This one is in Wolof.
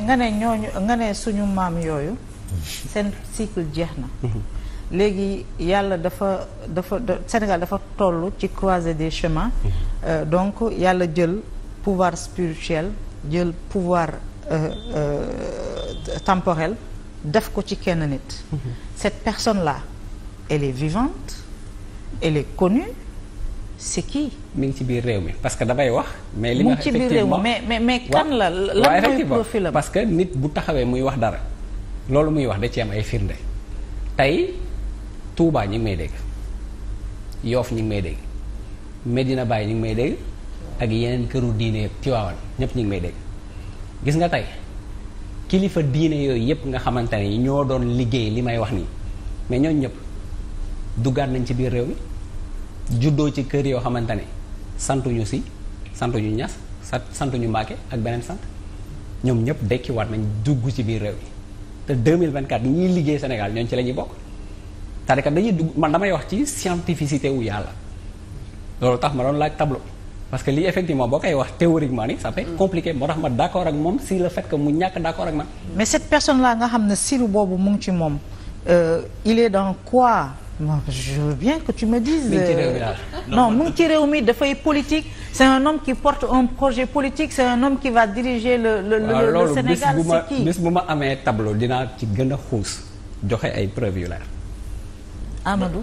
nga ne ñooñu nga ne suñu maam yooyu seen cycle jeex na léegi yàlla dafa dafa Sénégal dafa toll ci croisée des chemins euh, donc yàlla jël pouvoir spirituel jël pouvoir euh, euh, temporel def ko ci kenn nit cette personne là elle est vivante elle est connue si kii mi ngi ci biir réew mi parce que damay wax. mais li nga xam effectivement mais mais mais kan la lan mooy parce que nit bu taxawee muy wax dara loolu muy wax da ci am ay firnde tey Touba ñi may dégg Yoff ñi ngi may dégg Medina bàyyi ñi ngi may dégg ak yeneen këru diine ak Tiwaawan ñëpp ñi ngi may dégg gis nga tey kilifa diine yooyu yëpp nga xamante ne ñoo doon liggéey li may wax nii mais ñooñ ñëpp duggaat nañ ci biir réew mi. juddoo ci kër yoo xamante santu ñu si santuñu ñas ñu Mbàkke ak beneen sant ñoom ñëpp dekkiwaat nañ dugg ci biir réew mi te de 2024 ñuy liggéey Sénégal ñooñu ci la ñuy bokk cest dañuy dugg man damay wax ci scientificité wu yàlla loolu tax ma doon laaj tableau parce que lii effectivement boo koy wax théoriquement ni ça peut être mm. compliqué moo tax ma d'accord ak moom si le fait que mu ñàkk d'accord ak man mais cette personne là nga xam ne silu boobu mu ngi ci moom euh, non je veux bien que tu me dises. Euh, non mu ngi ci réew mi dafay politique. c' est un homme qui porte un projet politique c' est un homme qui va diriger le Sénégal c' bis bu ma amee tableau dinaa ci gën a xuus joxe ay preuves yu leer. Amadou.